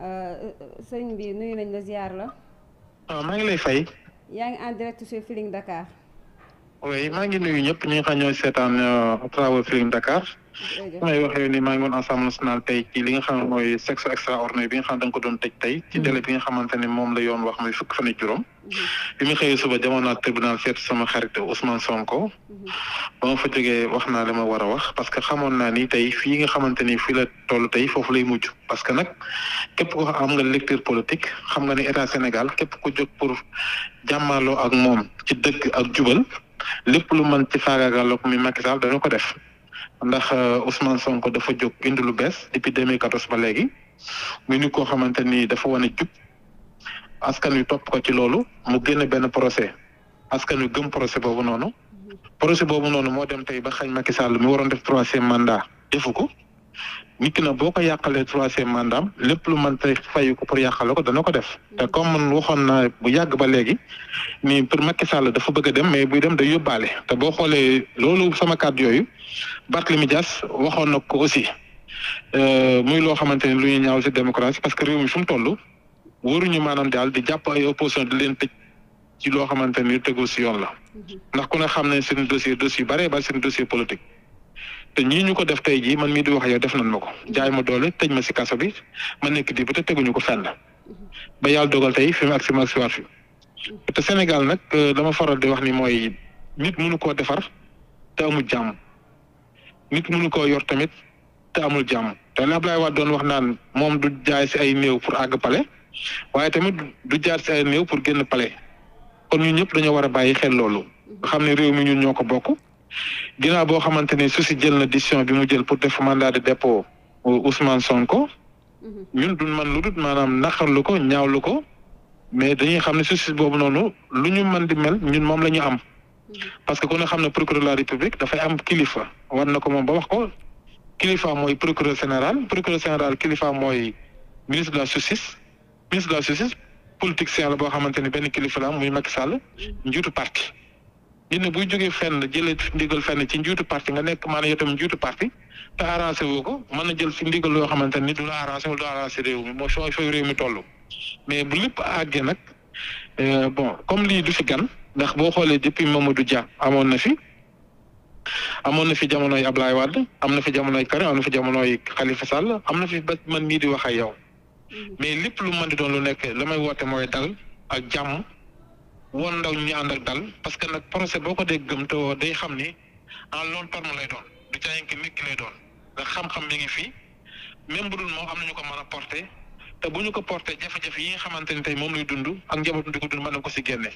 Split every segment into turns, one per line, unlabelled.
Euh, sëñ bi nuyu nañ la ziar la.
waaw ah, maa ngi lay fay.
yaa ngi en direct sur Feeling Dakar.
oui maa ngi nuyu ñëpp ñu nga xam ñoo seetaan à euh, travers Feeling Dakar. may waxee ni maa ngi woon assemblée nationale tey ci li nga xam mooy sexe extraordinaire bi nga xam da nga ko doon tëj tey ci délai mhm. bi nga xamante ne moom la yoon wax muy fukk fan ak juróom. Mhm. bi mu xëyee suba jamono tribunal seet sama xarit Ousmane Sonko. Mhm. ba ma fa jógee wax naa li ma war a wax parce que xamoon naa ni tey fii nga xamante ni fii la toll tey foofu lay mujj parce que nag képp ko am nga lecture politique xam nga ne état Sénégal képp ko jog pour jàmmaloo ak moom ci dëgg ak jubal lépp lu mën ci faagaagaloog mi Macky Sall dana ko def ndax euh, Ousmane Sonko dafa jóg indi lu bees depuis 2014 ba léegi ni koo xamante ni dafa wane jub askan wi topp ko ci loolu mu génn benn procès askan wi gëm procès boobu noonu. projet boobu noonu moo dem tey ba xañ Macky Sall mi waroon def troisième mandat defu ko nit ki boo ko yàqalee troisième mandat lépp lu man tey fayu ko pour yàqale ko dana ko def te comme man waxoon na bu yàgg ba léegi ni pour Macky Sall dafa bëgg a dem mais buy dem day yóbbaale te boo xoolee loolu sama kàddu yooyu Barthélémy Dias waxoon na ko aussi euh, muy loo xamante ni lu ñuy ñaaw si démocratie parce que réew mi fu mu toll waruñu maanaam daal di jàpp ay opposition di leen tëj. ci loo xamante ni tegu si yoon la mhm. ndax ku ne xam ne seen dossier dossier bare ba seen dossier politique te ñii ñu ko def tey jii man mii di wax def nañ ma ko mhm. jaay ma doole tëj ma si kaso bi ma nekk di ba te ko fenn mhm. ba yàlla dogal tey fi ma si fi te Sénégal nag euh, dama faral di wax ni mooy nit mënu koo defar te amul jàmm nit mënu koo yor tamit te amul jàmm te Abdoulaye waa doon wax naan moom du jaay si ay néew pour àgg pale waaye tamit du jaar si ay néew pour génn pale kon ñun ñëpp dañoo war a bàyyi xel loolu mhm. xam ne réew mi ñun ñoo ko bokk ginnaaw boo xamante ni su si jël na décision bi mu jël pour def mandat de dépôt Ousmane Sonko mhm. ñun du man lu dul maanaam naqarlu ko ñaawlu ko mais dañuy xam ne suuf boobu noonu lu ñu mën di mel ñun moom la ñu am mhm. parce que kon ne xam ne procureur la république dafay am kilifa war na ko moom ba wax ko kilifa mooy procureur général procureur général kilifa mooy ministre la justice ministre politicien la boo xamante ni benn kilifa am muy Macky Sall njiitu parti ñu ne buy jógee fenn jëlee ndigal fenn ci njiitu parti nga nekk maanaam yow tamit njiitu parti te arrangé ko mën a jël si ndigal loo xamante ni du la arrangé wala du arrangé réew mi moo mi toll. mais bu lépp àggee nag euh, bon comme lii du fi gan ndax boo xoolee depuis du Dia amoon na fi amoon na fi jamonoy Ablaye Wade am na fi jamonoy Karim am na fi jamonoy Khalifa Sall am na fi ba man mii di wax ak yow. Mhm. mais lépp lu mën di doon lu nekk la may woote mooy dal ak jàmm woon ndaw ñu ànd ak dal parce que nag procès boo ko dee gëm te woo day xam ni en long terme lay doon du caayin ki nit ki lay doon nga xam-xam mi ngi fi même bu dul moom am nañu ko mën a porté te bu ñu ko porté jafe-jafe yi nga xamante ni tey moom lay dund ak njabootu di ko dund mën na ko si génne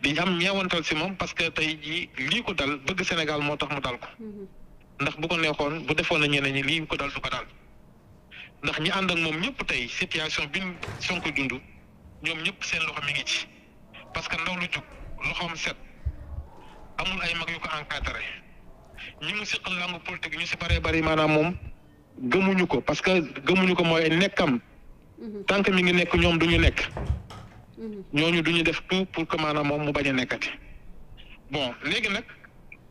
di am ñeewantal si moom parce que tey jii lii ko dal bëgg Sénégal moo tax mu dal ko mhm. ndax bu ko neexoon bu defoon na ñeneen ñi lii ko dal du ko ndax ñi ànd ak moom ñëpp tey situation bi Sonko dund ñoom ñëpp seen loxo mi ngi ci parce que ndaw lu jug loxoom set amul ay mag yu ko encadré ñi mu siqal làngu politique ñu si bëree bari maanaam moom gëmuñu ko parce que gëmuñu ko mooy nekkam mhm. tant que mi ngi nekk ñoom duñu nekk mhm. ñooñu duñu def tout pour que maanaam moom mu bañ a nekkati bon léegi nag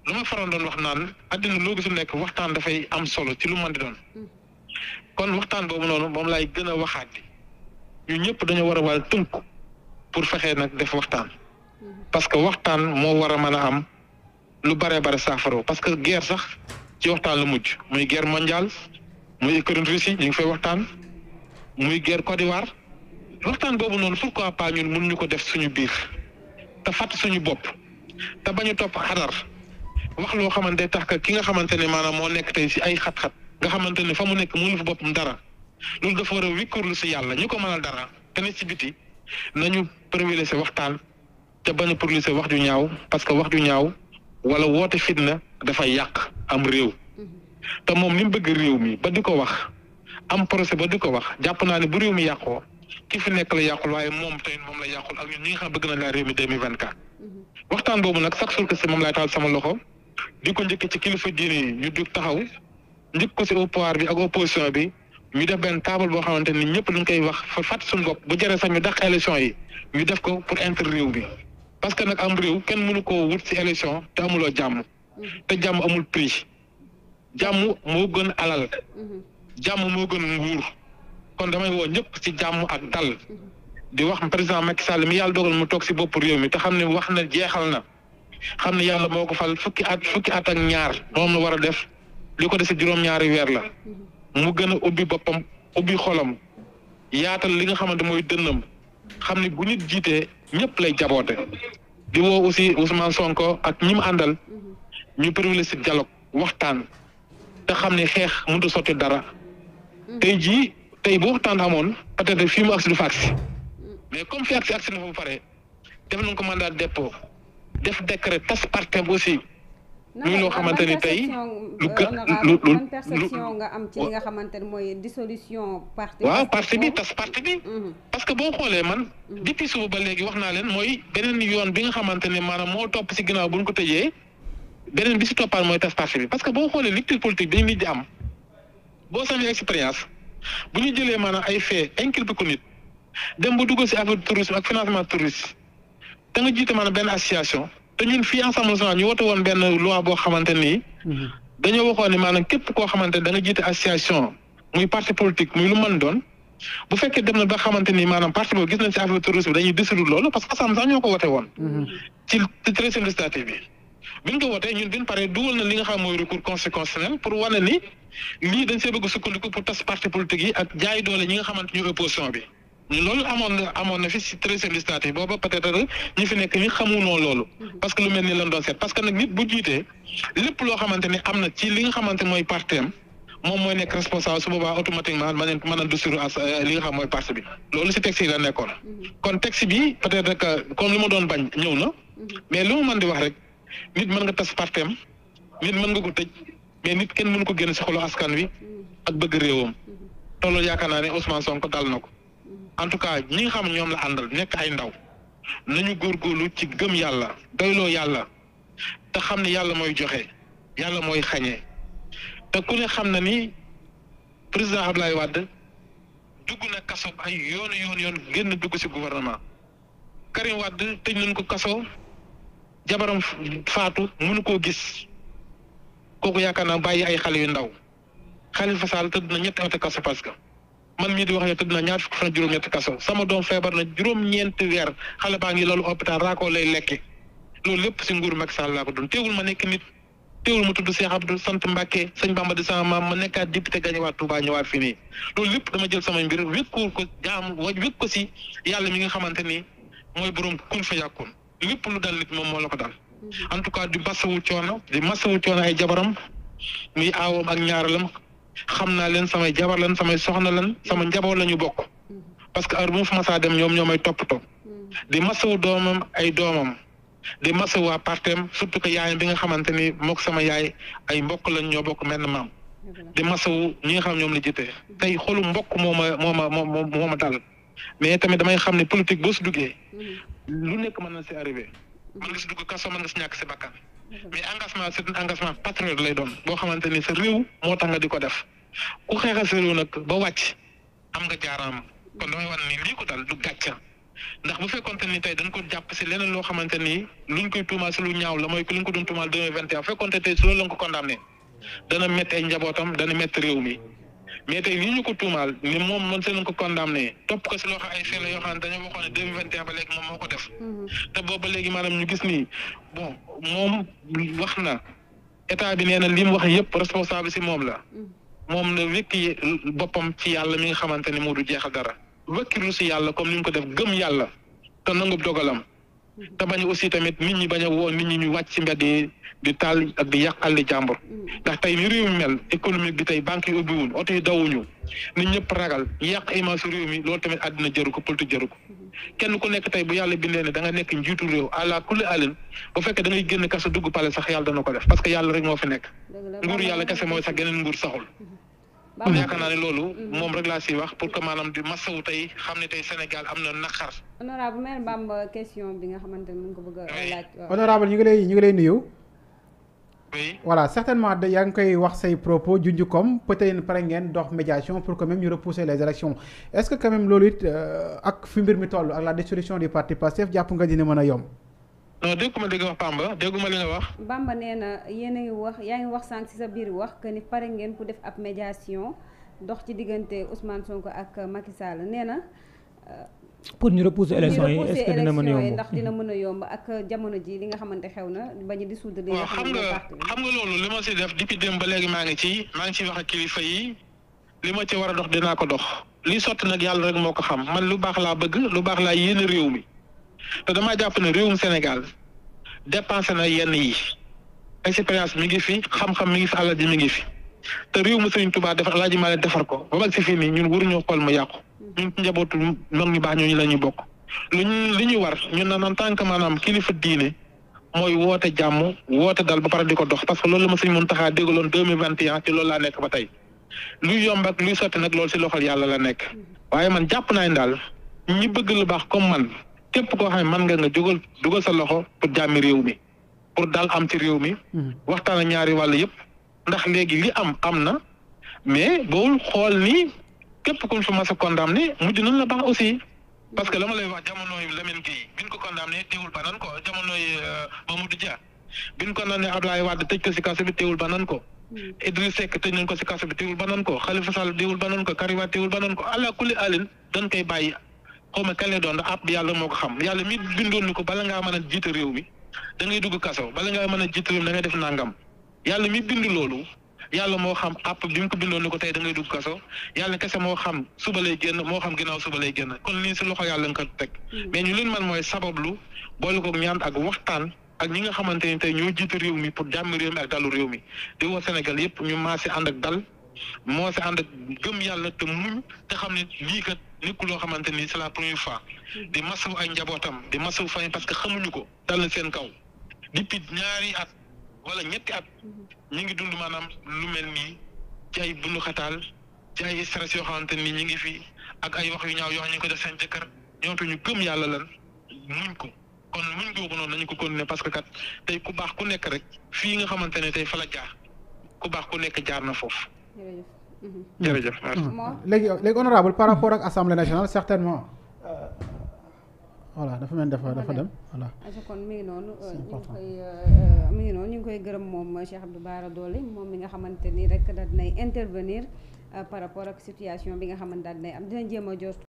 lu ma faroon doon wax naan àddina loo gisul nekk waxtaan dafay am solo ci lu mën di doon mhm. kon waxtaan boobu noonu moom laay gën a waxaat bi ñu ñëpp dañoo war a war a tënk pour fexe nag def waxtaan parce que waxtaan moo war a mën a am lu bare bare saafara parce que guerre sax ci waxtaan la mujj muy ger mondiale muy Ukraine Russie ñu ngi fay waxtaan muy guerre Côte d'Ivoire waxtaan boobu noonu pourquoi pas ñun mënuñu ko def suñu biir te fàtt suñu bopp te bañu topp xadar wax loo xamante tax ki nga xamante ne maanaam moo nekk tey si ay xat-xat. nga xamante ni fa mu nekk mënul fa boppam dara loolu dafa war a wikkurlu si yàlla ñu ko mënal dara te ne si biti nañu privilégié waxtaan te bañ a privilégié wax ju ñaaw parce que wax ju ñaaw wala woote fitna dafay yàq am réew te moom li mu bëgg réew mi ba di ko wax am procès ba di ko wax jàpp naa ne bu réew mi yàqoo ki fi nekk la yàqul waaye moom te moom la yàqul ak ñun ñi xam bëgg nañ laa réew mi 2024. waxtaan boobu nag chaque jour si moom laay taal sama loxo di ko njëkk ci kilifa ñu dug taxaw njëkk ko si au pouvoir bi ak opposition bi ñu def benn table boo xamante ni ñëpp luñ koy wax fa fàtt suñu bopp bu jëree sax ñu dàq élection yi ñu def ko pour intérêt bi parce que nag am réew kenn mënu koo wut ci élection te amuloo jàmm mhm. te jàmm amul prix jàmm moo gën alal mhm. jàmm moo gën nguur kon damay woo ñëpp ci jàmm ak dal mhm. di wax président Macky Sall mi yàlla dogal mu toog si bopp réew mi te xam ne wax na jeexal na xam ne yàlla moo ko fal fukki at fukki at ak ñaar moom la war a def li ko dese juróom-ñaari weer la mu gën a ubbi boppam ubbi xolam yaatal li nga xamante mooy dënnam xam ni bu nit jiitee ñëpp lay jaboote di woo aussi Ousmane Sonko ak ñi mu àndal ñu privilégié dialogue waxtaan te xam ne xeex mënut a sotti dara tey jii tey bu waxtaan amoon peut-être fii mu agsi du fa agsi mais comme fi agsi agsi na fa bu pare def nañ ko mandat dépôt def décret tas partem aussi muy loo xamante ni tey euh, lu gën lu lu perception
nga am ci li nga xamante ne mooy dissolution parti waaw parti bi
tas parti bi mhm. parce que boo xoolee man mhm. depuis suba ba léegi wax naa leen mooy beneen yoon bi nga xamante ne maanaam moo topp si ginnaaw buñ ko tëjee beneen bi si toppaat mooy tas parti bi parce que boo xoolee lecture politique dañu nit di am boo samee expérience bu ñu jëlee maanaam ay fait inculpé ko nit dem ba dugg si affaire tourisme ak financement touriste da nga jiite a benn association te ñun fii ensemble sax ñu wote woon benn loi boo xamante nii mhm. dañoo waxoon ne maanaam képp koo xamante ne da nga jiite association muy parti politique muy lu mën doon bu fekkee dem na ba xamante ni maanaam parti boobu gis nañ ci affaire terrorisme bi dañuy décider loolu parce que ensemble sax ñoo ko wote woon mhm. ci ci treizième législative bi biñ ko wotee ñun biñ paree dugal na li nga xam mooy recours constitutionnel pour wane ni lii dañ see bëgg sukkandiku pour tas parti politique yi bi loolu amoon na amoon na fi si très législative booba peut-être ñi fi nekk ñi xamunoo loolu. parce que lu mel ni lan doon seet parce que nag nit bu jiitee lépp loo xamante ne am na ci li nga xamante mooy parteem moom mooy nekk responsable su boobaa automatiquement mën nañ mën a dusuru as euh, li xam mooy parti bi loolu si texte yi la nekkoon. Mhm. kon texte bi peut-être que comme ma doon bañ ñëw na. Mhm. mais li ma mën di wax rek nit mën nga tas parteem nit mën nga ko tëj mais nit kenn mënu ko génn si xolu askan wi mhm. ak bëgg réewam te loolu yaakaar naa ne Ousmane Sonko dal na ko. en tout cas ñi nga xam ne ñoom la àndal nekk ay ndaw nañu góor góorlu ci gëm yàlla doyloo yàlla te xam ne yàlla mooy joxe yàlla mooy xañe te ku ne xam na ni président Abdoulaye Wade dugg na kaso ay yoonu yoon yoon génn dugg ci gouvernement Karim Wade tëj nañ ko kaso jabaram faatu mënu koo gis kooku yaakaar naa bàyyi ay xale yu ndaw Khalifa Sall tëdd na ñetti at kaso parce man mii di wax yow tëdd na ñaar fukki fan juróom-ñetti kaso sama doom feebar na juróom-ñeenti weer xale baa ngi loolu hôpital raakoo lay lekki loolu lépp si nguur Macky Sall laa ko doon teewul ma nekk nit teewul ma tudd Cheikh Abdou sant Mbacke sëñ Bamba di sama maam ma nekkaat député gañëwaat Touba ñëwaat fii nii loolu lépp dama jël sama mbir wékkoor ko jaam wékk ko si yàlla mi nga xamante ni mooy borom kun fa yàkkoon lépp lu dal nit moom moo la ko dal mm-hmm. en tout cas di masawu coono di masawu coono ay jabaram muy aawoom ak ñaaralam xam naa leen samay jabar leen samay soxna leen sama njaboot la ñu bokk parce que heure bu ma fa masaa dem ñoom ñoo may toppatoo di masawu doomam ay doomam di masawu waa partem surtout que yaayam bi nga xamante ni mook sama yaay ay mbokk lañ ñoo bokk menn maam di masawu ñi nga xam ñoom li jëtee tey xolu mbokk moo ma moo ma moo moo ma dal mais tamit damay xam ne politique boo si duggee lu nekk mën na si arrivé mën nga si dugg kaso mën si ñàkk Mhm. mais engagement c'est un engagement patriote lay doon boo xamante ni sa réew moo tax nga di ko def ku xeexal sa réew nag ba wàcc am nga jaaraam kon damay wan ni lii ko dal du gàcca ndax bu fekkonte ni tey dañ ko jàpp si leneen loo xamante ni luñ koy tuumaal si lu ñaaw la mooy luñ ko doon tuumaal deux mille vingt et un fekkonte tey si loolu lañ ko condamné dana métti ay njabootam dana métti réew mi mais tey lii ñu ko tuumaal ne moom man seen ko condamné topp ko si loo xam ay fen yoo xam ne dañoo waxoon ne deux ba léegi moom moo ko def. Mhm. te boobu ba léegi maanaam ñu gis nii bon moom wax na état bi nee na li mu wax yëpp responsable si moom la. Mhm. moom la wékki boppam ci yàlla mi nga xamante ne moo du jeexal dara wékkilu si yàlla comme ni mu ko def gëm yàlla te nangu dogalam. te bañ aussi tamit nit ñi bañ a woo nit ñi ñu wàcc ci mbedd yi di taal ak di yàqal di jàmbur mm. ndax tey ni réew mel économique bi tey banque yi ubbiwuñ oto yi dawuñu nit ñëpp ragal yàq image réew mi loolu tamit àddina jëru ko politique jëru ko mm-hmm. kenn ku nekk tey bu yàlla bindee ne da nekk njiitu réew àla kulli alin bu fekkee da ngay génn kasa dugg pale sax yàlla dana ko def parce que yàlla rek moo fi nekk nguur yàlla kese mooy sax geneen nguur saxul mm-hmm. yaakaar naa ne loolu mm-hmm. Mm-hmm. moom rek laa si wax pour que maanaam di masawu tey xam ne tey Sénégal am na naqar
honorable mère Bamba question bi nga xamante ne mu ngi ko bëgg a laaj
honorable ñu ngi lay ñu ngi lay nuyu oui voilà certainement da yaa ngi koy wax say propos junj comme peut-être pare ngeen dox médiation pour que même ñu repousser les élections est-ce que loolu it euh, ak fi mbir mi toll ak la dissolution du parti Pastef jàpp nga dina mën a yomb non dégguma dégg wax Bamba dégguma li wax.
Bamba nee na yéen a wax yaa ngi wax sànq ci sa biir wax que ni pare ngeen pour def ab médiation dox ci diggante Ousmane Sonko ak Macky Sall nee na. Euh, pour ñu repousser élection yi est-ce que dina mën ndax dina mën a yomb ak jamono ji li nga xamante xew na ba ñu dissoudre. li nga xam nga
xam nga loolu li ma ci def depuis démb ba léegi maa ngi ci maa ngi ci wax ak kilifa yi li ma ci war a dox dinaa ko dox. li sotti nag yàlla rek moo ko xam man lu baax laa bëgg lu baax laa yéene réew mi. te damaa jàpp ne réewum Sénégal dépensé na yenn yi expérience mi ngi fi xam-xam mi ngi fi di mi ngi fi te réew mu Sëriñ Tuubaa defar ma Maalik defar ko ba mag si fii nii ñun waruñoo xool mu yàqu ñun ci njabootu mag ñu baax ñooñu la ñuy bokk lu ñu li ñu war ñun naan en tant que maanaam kilifa diine mooy woote jàmm woote dal ba pare di ko dox parce que loolu la ma Sëriñ Muntaxaa déggaloon deux mille vingt et un ci loolu laa nekk ba tey luy yomb luy sotti nag loolu si loxol yàlla la nekk waaye man jàpp naa ne daal ñi bëgg lu baax comme man képp koo xam ne mën nga nga jógal dugal sa loxo pour jàmmi réew mi pour daal am ci réew mi. Hmm. waxtaan ak ñaari wàll yëpp ndax léegi li am am na mais boowul xool ni képp kuñ fa mas a condamné mujj nañ la baax aussi. parce que la ma lay wax jamono yi Lamine ko condamné teewul ba nan ko jamono yi euh, Mamadou Dia biñ ko condamné Abdoulaye Wade tëj ko si kaso bi teewul ba nan ko. Hmm. Idriss Seck tëj nañ ko si kaso bi teewul ba nan ko Khalifa Sall teewul ba nan ko Karim Wade ba nan ko allah kulli alin dañ koy bàyyi. xaw ma kan lay doon ndax àpp yàlla moo ko xam yàlla mi bindoon ni ko bala ngaa mën a jiite réew mi da dugg kaso bala ngaa mën a jiite réew mi da ngay def nangam yàlla mi bind loolu yàlla moo xam àpp bi mu ko bindoon ko tey da ngay dugg kaso yàlla kese moo xam suba lay génn moo xam ginnaaw suba lay génn kon lii si loxo yàlla nga ko teg. Hmm. mais ñu leen man mooy sabablu boole ko ñaan ak waxtaan ak ñi nga xamante ni tey ñoo jiita réew mi pour jàmm réew mi ak réew mi di woo Sénégal yëpp ñu maase ànd ak dal. moo si ànd ak gëm yàlla te muñ te xam ne lii kat nekku loo xamante ni c'est la première fois mm-hmm. di masawu ay njabootam di masawu fay parce que xamuñu ko dal seen kaw depuis ñaari at wala ñetti at mm-hmm. ñu ngi dund maanaam lu mel nii ci ay bundu xataal ci ay stress yoo xamante nii ñu ngi fi ak ay wax yu ñaaw yoo xam ñu ko def seen jëkkër ñoom ñu gëm yàlla lan muñ ko kon muñ googu noonu nañu ko continuer parce que kat tey ku baax ku nekk rek fii nga xamante ne tey fa la jaar ku baax ku nekk jaar na foofu jërëjëf mm-hmm. mm-hmm. léegi léegi honorable par rapport ak assemblée nationale certainement. voilà dafa mel dafa dafa dem voilà.
Ah, kon mi ngi noonu. Euh, ñu ngi koy euh, euh, mi ngi noonu ñu ngi koy gërëm moom Cheikh Abdou Bara Dolly moom mi nga xamante ni rek dinay intervenir par rapport ak situation bi nga xamant daal am dina jéem a jot.